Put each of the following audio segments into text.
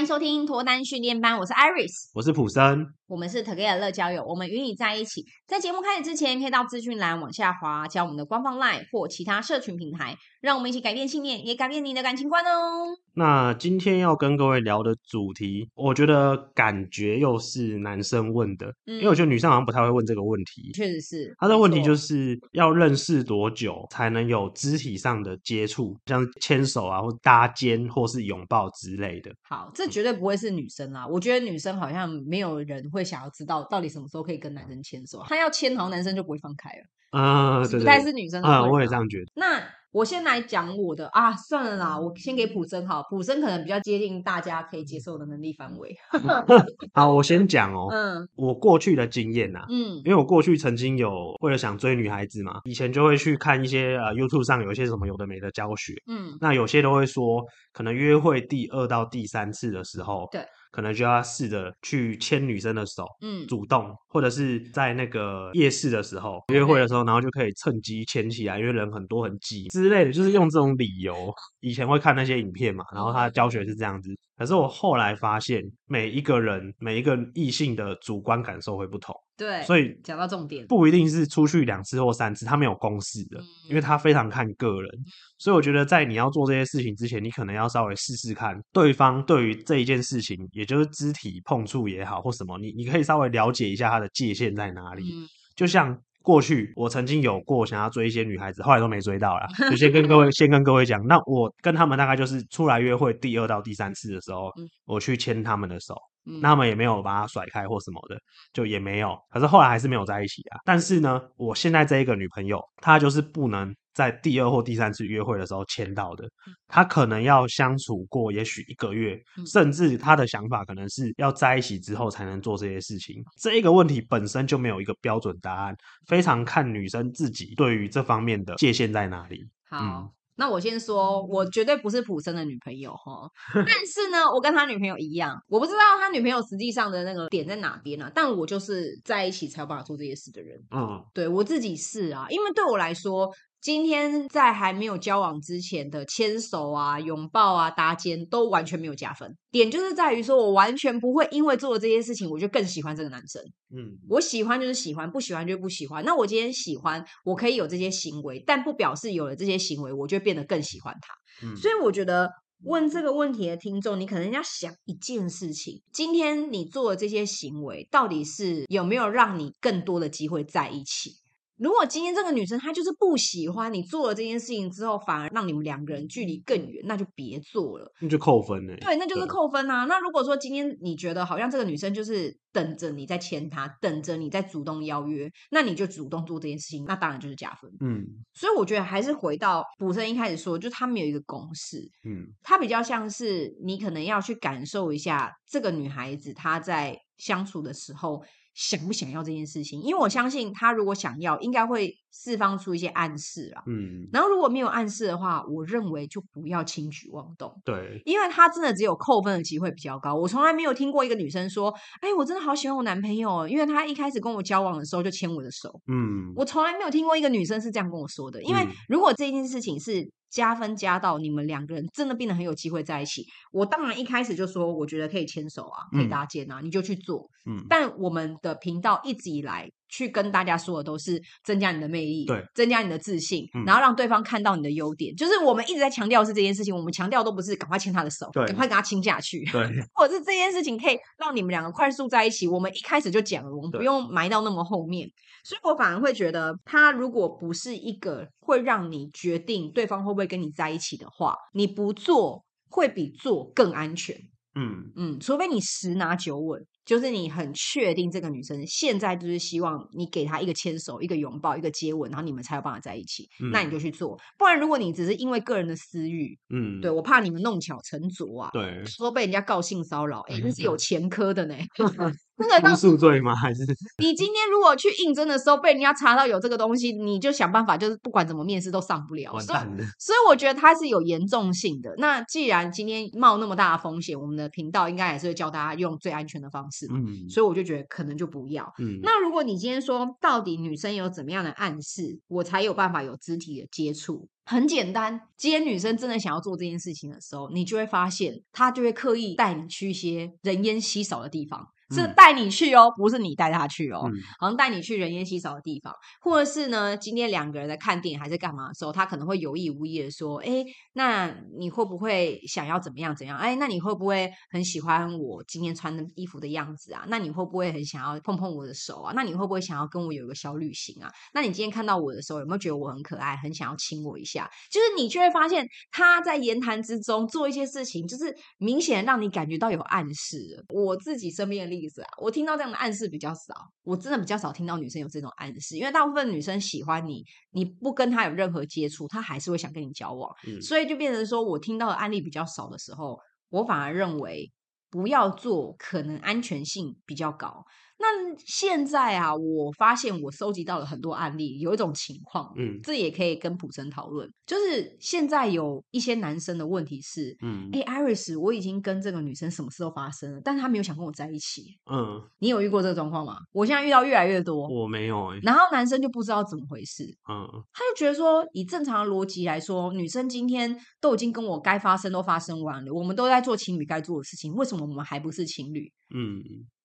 歡迎收聽脫單訓練班，我是 Iris，我是普森。我們是 Together 樂交友，我們與你在一起。在節目開始之前，可以到資訊欄往下滑，加我們的官方 LINE 或其他社群平台，讓我們一起改變信念，也改變你的感情觀哦。那今天要跟各位聊的主題，我覺得感覺又是男生問的，嗯、因為我覺得女生好像不太會問這個問題。確實是他的問題，就是沒錯。要認識多久才能有肢體上的接觸，像是牽手啊，或搭肩，或是擁抱之類的。好，這絕對不會是女生啦，嗯、我覺得女生好像沒有人會。會想要知道到底什麼時候可以跟男生牽手？他要牽，然後男生就不會放開了啊？呃、對對，但是女生啊、呃，我也這樣覺得。那我先來講我的啊，算了啦，我先給普森哈，普森可能比較接近大家可以接受的能力範圍。 嗯、好，我先講哦，嗯，我過去的經驗啊，嗯，因為我過去曾經有為了想追女孩子嘛，以前就會去看一些呃 YouTube 上有一些什麼有的沒的教學，嗯，那有些都會說，可能約會第二到第三次的時候，對。可能就要試着去牽女生的手，嗯，主動或者是在那個夜市的時候，約會的時候，然後就可以趁機牽起來，因為人很多很擠之類的，就是用這種理由。 以前會看那些影片嘛，然後他的教學是這樣子。可是我後來發現，每一個人，每一個異性的主觀感受會不同，對，所以講到重點，不一定是出去兩次或三次，他沒有公式的，嗯嗯，因為他非常看個人，所以我覺得在你要做這些事情之前，你可能要稍微試試看對方對於這一件事情，也就是肢體碰觸也好或什麼，你你可以稍微了解一下他的界限在哪裡，嗯，就像。過去我曾經有過想要追一些女孩子，後來都沒追到啦。就先跟各位 先跟各位講，那我跟他們大概就是出來約會第二到第三次的時候，嗯、我去牽他們的手，那他們也沒有把他甩開或什麼的，就也沒有。可是後來還是沒有在一起啊。但是呢，我現在這一個女朋友，她就是不能。在第二或第三次約會的時候簽到的，他可能要相處過，也許一個月，嗯、甚至他的想法可能是要在一起之後才能做這些事情。嗯、這個問題本身就沒有一個標準答案，非常看女生自己對於這方面的界限在哪裡。好，嗯、那我先說，我絕對不是普森的女朋友 但是呢，我跟他女朋友一樣，我不知道他女朋友實際上的那個點在哪邊啊，但我就是在一起才有辦法做這些事的人。嗯，對，我自己是啊，因為對我來說。今天在還沒有交往之前的牽手啊、擁抱啊、搭肩，都完全沒有加分。點就是在於說，我完全不會因為做了這些事情，我就更喜歡這個男生。嗯，嗯，我喜歡就是喜歡，不喜歡就是不喜歡。那我今天喜歡，我可以有這些行為，但不表示有了這些行為，我就變得更喜歡他。嗯，所以我覺得問這個問題的聽眾，你可能要想一件事情：今天你做的這些行為，到底是有沒有讓你更多的機會在一起？如果今天這個女生她就是不喜歡你做了這件事情之後，反而讓你們兩個人距離更遠，那就別做了，那就扣分嘞、欸。對，那就是扣分啊。對那如果說今天你覺得好像這個女生就是等着你在牽她，等着你在主動邀約，那你就主動做這件事情，那當然就是加分。嗯，所以我覺得還是回到普森一開始說，就他們有一個公式，嗯，它比較像是你可能要去感受一下這個女孩子她在相處的時候。想不想要這件事情？因為我相信他如果想要，應該會。釋放出一些暗示啊，嗯，然後如果沒有暗示的話，我認為就不要輕舉妄動，對，因為他真的只有扣分的機會比較高。我從來沒有聽過一個女生說，哎，我真的好喜歡我男朋友，因為他一開始跟我交往的時候就牽我的手，嗯，我從來沒有聽過一個女生是這樣跟我說的。因為如果這件事情是加分加到你們兩個人真的變得很有機會在一起，我當然一開始就說，我覺得可以牽手啊，可以搭肩啊，嗯，你就去做，嗯。但我們的頻道一直以來。去跟大家說的都是增加你的魅力，對，增加你的自信，嗯，然後讓對方看到你的優點。就是我們一直在強調的是這件事情，我們強調都不是趕快牽他的手，對，趕快跟他親下去，對。或者是這件事情可以讓你們兩個快速在一起，我們一開始就講了，我們不用埋到那麼後面。對，所以我反而會覺得，他如果不是一個會讓你決定對方會不會跟你在一起的話，你不做會比做更安全。嗯嗯，除非你十拿九穩。就是你很確定這個女生現在就是希望你給她一個牽手、一個擁抱、一個接吻，然後你們才有辦法在一起。嗯、那你就去做，不然如果你只是因為個人的私慾，嗯，對，我怕你們弄巧成拙啊，對，說被人家告性騷擾，哎、欸，那是有前科的呢！ 是宿醉嗎？還是你今天如果去應徵的時候被人家查到有這個東西，你就想辦法，就是不管怎麼面試都上不了。完蛋了！所以我覺得它是有嚴重性的。那既然今天冒那麼大的風險，我們的頻道應該也是會教大家用最安全的方式。嗯，所以我就覺得可能就不要。嗯，那如果你今天說到底女生有怎麼樣的暗示，我才有辦法有肢體的接觸？很簡單，今天女生真的想要做這件事情的時候，你就會發現她就會刻意帶你去一些人煙稀少的地方。是帶你去哦，不是你帶他去哦。嗯、好像帶你去人煙稀少的地方，或者是呢，今天兩個人在看電影還是幹嘛的時候，他可能會有意無意的說：“哎、欸，那你會不會想要怎麼樣？怎樣？哎、欸，那你會不會很喜歡我今天穿的衣服的樣子啊？那你會不會很想要碰碰我的手啊？那你會不會想要跟我有一個小旅行啊？那你今天看到我的時候，有沒有覺得我很可愛，很想要親我一下？就是你就會發現他在言談之中做一些事情，就是明顯讓你感覺到有暗示。我自己身邊的例。我聽到這樣的暗示比較少，我真的比較少聽到女生有這種暗示，因為大部分女生喜歡你，你不跟她有任何接觸，她還是會想跟你交往，嗯，所以就變成說我聽到的案例比較少的時候，我反而認為不要做，可能安全性比較高。那現在啊，我發現我收集到了很多案例，有一種情況，嗯，這也可以跟普森討論，就是現在有一些男生的問題是，嗯，哎，Iris，我已經跟這個女生什麼事都發生了，但是她沒有想跟我在一起，嗯，你有遇過這個狀況嗎？我現在遇到越來越多，我沒有、欸，然後男生就不知道怎麼回事，嗯，他就覺得說，以正常的邏輯來說，女生今天都已經跟我該發生都發生完了，我們都在做情侶該做的事情，為什麼我們還不是情侶？嗯。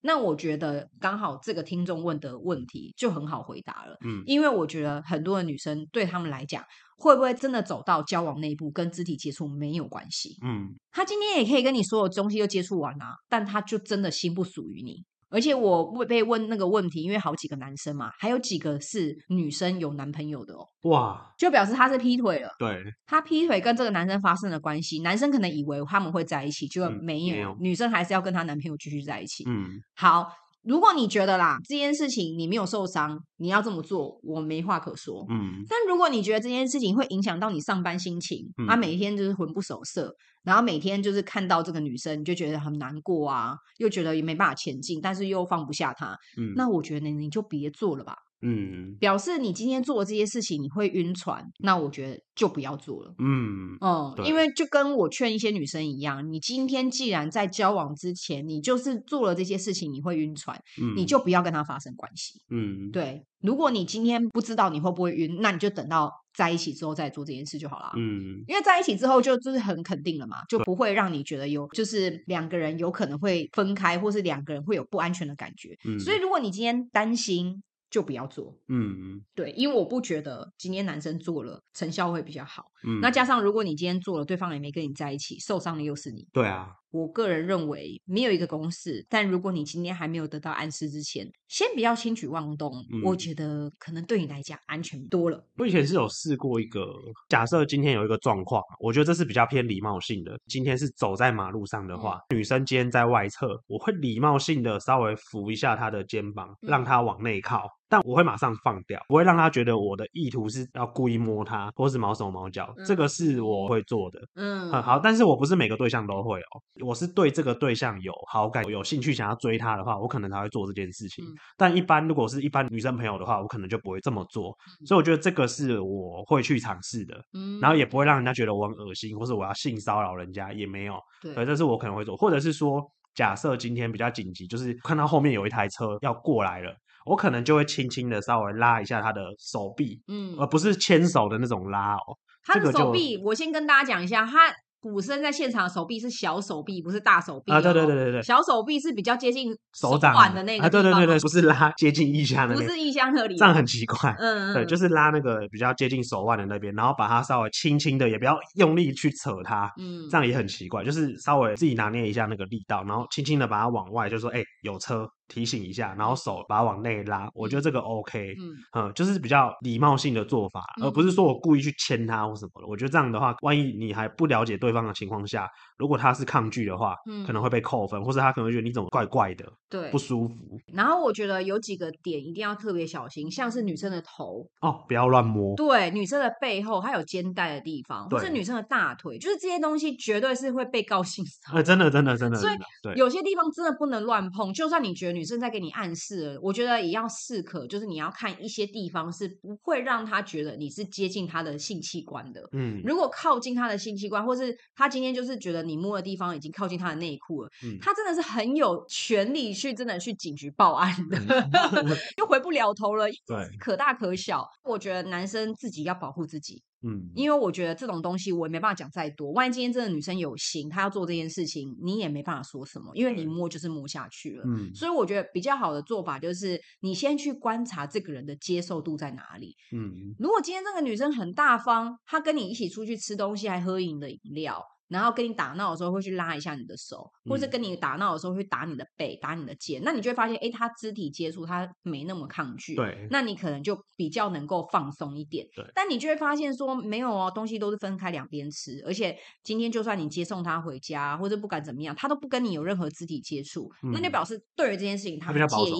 那我覺得剛好這個聽眾問的問題就很好回答了，嗯，因為我覺得很多的女生對他們來講，會不會真的走到交往那一步，跟肢體接觸沒有關係。嗯，她今天也可以跟你所有東西都接觸完了，但她就真的心不屬於你。而且我被被問那個問題，因為好幾個男生嘛，還有幾個是女生有男朋友的喔，哇，就表示她是劈腿了，對，她劈腿跟這個男生發生了關係，男生可能以為他們會在一起，就沒有，嗯，沒有。女生還是要跟她男朋友繼續在一起，嗯，好。如果你覺得啦，這件事情你沒有受傷，你要這麼做，我沒話可說。嗯，但如果你覺得這件事情會影響到你上班心情，他、嗯啊、每天就是魂不守舍，然後每天就是看到這個女生，你就覺得很難過啊，又覺得也沒辦法前進，但是又放不下她，嗯、那我覺得你就別做了吧。嗯，表示你今天做了這些事情，你會暈船，那我覺得就不要做了。嗯嗯，嗯對因為就跟我勸一些女生一樣，你今天既然在交往之前，你就是做了這些事情，你會暈船，嗯、你就不要跟他發生關係。嗯，對。如果你今天不知道你會不會暈，那你就等到在一起之後再做這件事就好啦。嗯，因為在一起之後就就是很肯定了嘛，就不會讓你覺得有就是兩個人有可能會分開，或是兩個人會有不安全的感覺。嗯，所以如果你今天擔心。就不要做，嗯嗯，對，因為我不覺得今天男生做了成效會比較好，嗯，那加上如果你今天做了，對方也沒跟你在一起，受傷的又是你，對啊，我個人認為沒有一個公式，但如果你今天還沒有得到暗示之前，先不要輕舉妄動，嗯，我覺得可能對你來講安全多了。我以前是有試過一個假設，今天有一個狀況，我覺得這是比較偏禮貌性的。今天是走在馬路上的話，嗯，女生今天在外側，我會禮貌性的稍微扶一下她的肩膀，嗯，讓她往內靠。但我會馬上放掉，不會讓他覺得我的意圖是要故意摸他，或是毛手毛腳。嗯、這個是我會做的，嗯，嗯，好。但是我不是每個對象都會哦，我是對這個對象有好感、有興趣想要追他的話，我可能才會做這件事情。嗯、但一般如果是一般女生朋友的話，我可能就不會這麼做。嗯、所以我覺得這個是我會去嘗試的，嗯，然後也不會讓人家覺得我很惡心，或是我要性騷擾人家，也沒有，對，所以這是我可能會做，或者是說，假設今天比較緊急，就是看到後面有一台車要過來了。我可能就會輕輕的稍微拉一下他的手臂，嗯，而不是牽手的那種拉哦、喔。他的手臂，我先跟大家講一下，他普森在現場的手臂是小手臂，不是大手臂啊。對對對對對，小手臂是比較接近手掌的那個，對、啊、對對對，不是拉接近腋下的，不是腋下這裡，這樣很奇怪。嗯，嗯，對，就是拉那個比較接近手腕的那邊，然後把它稍微輕輕的，也不要用力去扯它，嗯，這樣也很奇怪，就是稍微自己拿捏一下那個力道，然後輕輕的把它往外，就說哎、欸，有車。提醒一下，然後手把他往內拉，我覺得這個 OK，嗯，就是比較禮貌性的做法，而不是說我故意去牽他或什麼的。我覺得這樣的話，萬一你還不了解對方的情況下。如果他是抗拒的話，嗯，可能會被扣分，或者他可能會覺得你怎麼怪怪的，對，不舒服。然後我覺得有幾個點一定要特別小心，像是女生的頭哦，不要亂摸，對，女生的背後還有肩帶的地方，對，或是女生的大腿，就是這些東西絕對是會被告性騷擾，真的，真的，真的，所以有些地方真的不能亂碰。就算你覺得女生在給你暗示，我覺得也要適可，就是你要看一些地方是不會讓她覺得你是接近她的性器官的，嗯，如果靠近她的性器官，或是她今天就是覺得。你摸的地方已經靠近他的內褲了，嗯、他真的是很有權利去真的去警局報案的，嗯、 又回不了頭了。對可大可小，我覺得男生自己要保護自己。嗯、因為我覺得這種東西我也沒辦法講再多。萬一今天這個女生有心，她要做這件事情，你也沒辦法說什麼，因為你摸就是摸下去了。嗯，所以我覺得比較好的做法就是你先去觀察這個人的接受度在哪裡。嗯，如果今天這個女生很大方，她跟你一起出去吃東西，還喝飲的飲料。然後跟你打鬧的時候會去拉一下你的手，或者跟你打鬧的時候會打你的背、嗯、打你的肩，那你就會發現，哎，他肢體接觸他沒那麼抗拒，對，那你可能就比較能夠放鬆一點。對，但你就會發現說，沒有哦，東西都是分開兩邊吃，而且今天就算你接送他回家，或者不管怎麼樣，他都不跟你有任何肢體接觸，嗯、那就表示對於這件事情他很介意，他比較保守，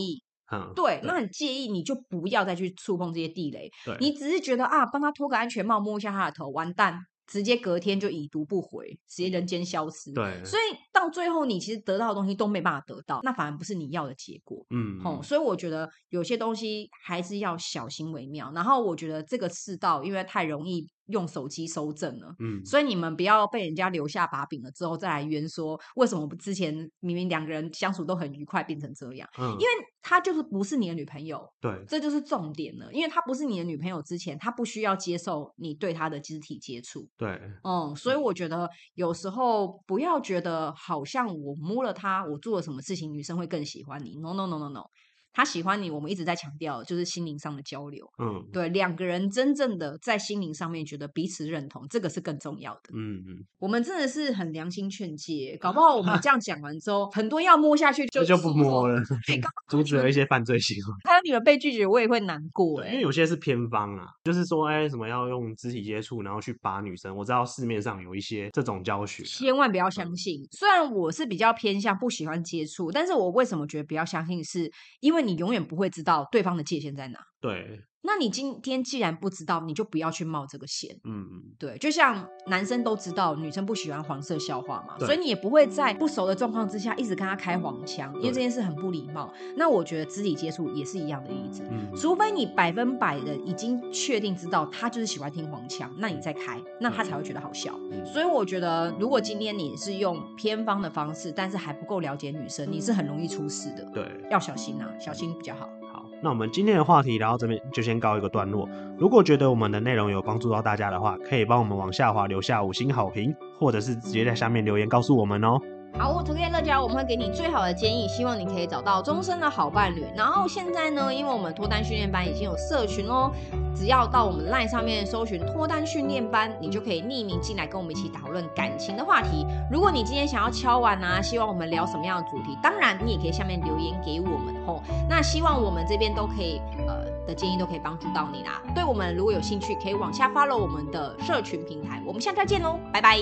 嗯，對，對那很介意，你就不要再去觸碰這些地雷，對，你只是覺得啊，幫他脫個安全帽，摸一下他的頭，完蛋。直接隔天就已讀不回，直接人間消失。對，所以到最後你其實得到的東西都沒辦法得到，那反而不是你要的結果。嗯，嗯，所以我覺得有些東西還是要小心為妙。然後我覺得這個世道因為太容易。用手機收證了，嗯，所以你們不要被人家留下把柄了之後再來冤說為什麼之前明明兩個人相處都很愉快，變成這樣。嗯，因為他就是不是你的女朋友，對，這就是重點了，因為他不是你的女朋友，之前他不需要接受你對他的肢體接觸，對，嗯，所以我覺得有時候不要覺得好像我摸了他，我做了什麼事情，女生會更喜歡你，no no no no no。他喜歡你，我們一直在強調，就是心靈上的交流。嗯，對，兩個人真正的在心靈上面覺得彼此認同，這個是更重要的。嗯嗯。嗯，我們真的是很良心勸誡，搞不好我們這樣講完之後， 很多要摸下去就就不摸了，對，阻止了一些犯罪行為。他有女兒被拒絕，我也會難過，欸對，因為有些是偏方啊，就是說，哎，什麼要用肢體接觸，然後去把女生。我知道市面上有一些這種教學，啊，千萬不要相信。嗯、雖然我是比較偏向不喜歡接觸，但是我為什麼覺得不要相信是？是因為。你永遠不會知道對方的界限在哪。對。那你今天既然不知道，你就不要去冒這個險。嗯嗯，對，就像男生都知道女生不喜歡黃色笑話嘛，對所以你也不會在不熟的狀況之下一直跟她開黃腔，對因為這件事很不禮貌。那我覺得肢體接觸也是一樣的意思，嗯、除非你百分百的已經確定知道他就是喜歡聽黃腔，嗯、那你再開，那他才會覺得好笑。嗯、所以我覺得，如果今天你是用偏方的方式，但是還不夠了解女生，嗯、你是很容易出事的。對，要小心啦、啊，小心比較好。那我們今天的話題聊到這邊就先告一個段落。如果覺得我們的內容有幫助到大家的話，可以幫我們往下滑留下五星好評，或者是直接在下面留言告訴我們哦、喔。好，我脫單樂嘉，我們會給你最好的建議，希望你可以找到終身的好伴侶。然後現在呢，因為我們脫單訓練班已經有社群哦，只要到我們 LINE 上面搜尋脫單訓練班，你就可以匿名進來跟我們一起討論感情的話題。如果你今天想要敲碗啊，希望我們聊什麼樣的主題，當然你也可以下面留言給我們吼、哦。那希望我們這邊都可以呃的建議都可以幫助到你啦。對我們如果有興趣，可以往下 follow 我們的社群平台。我們下次再見嘍，拜拜。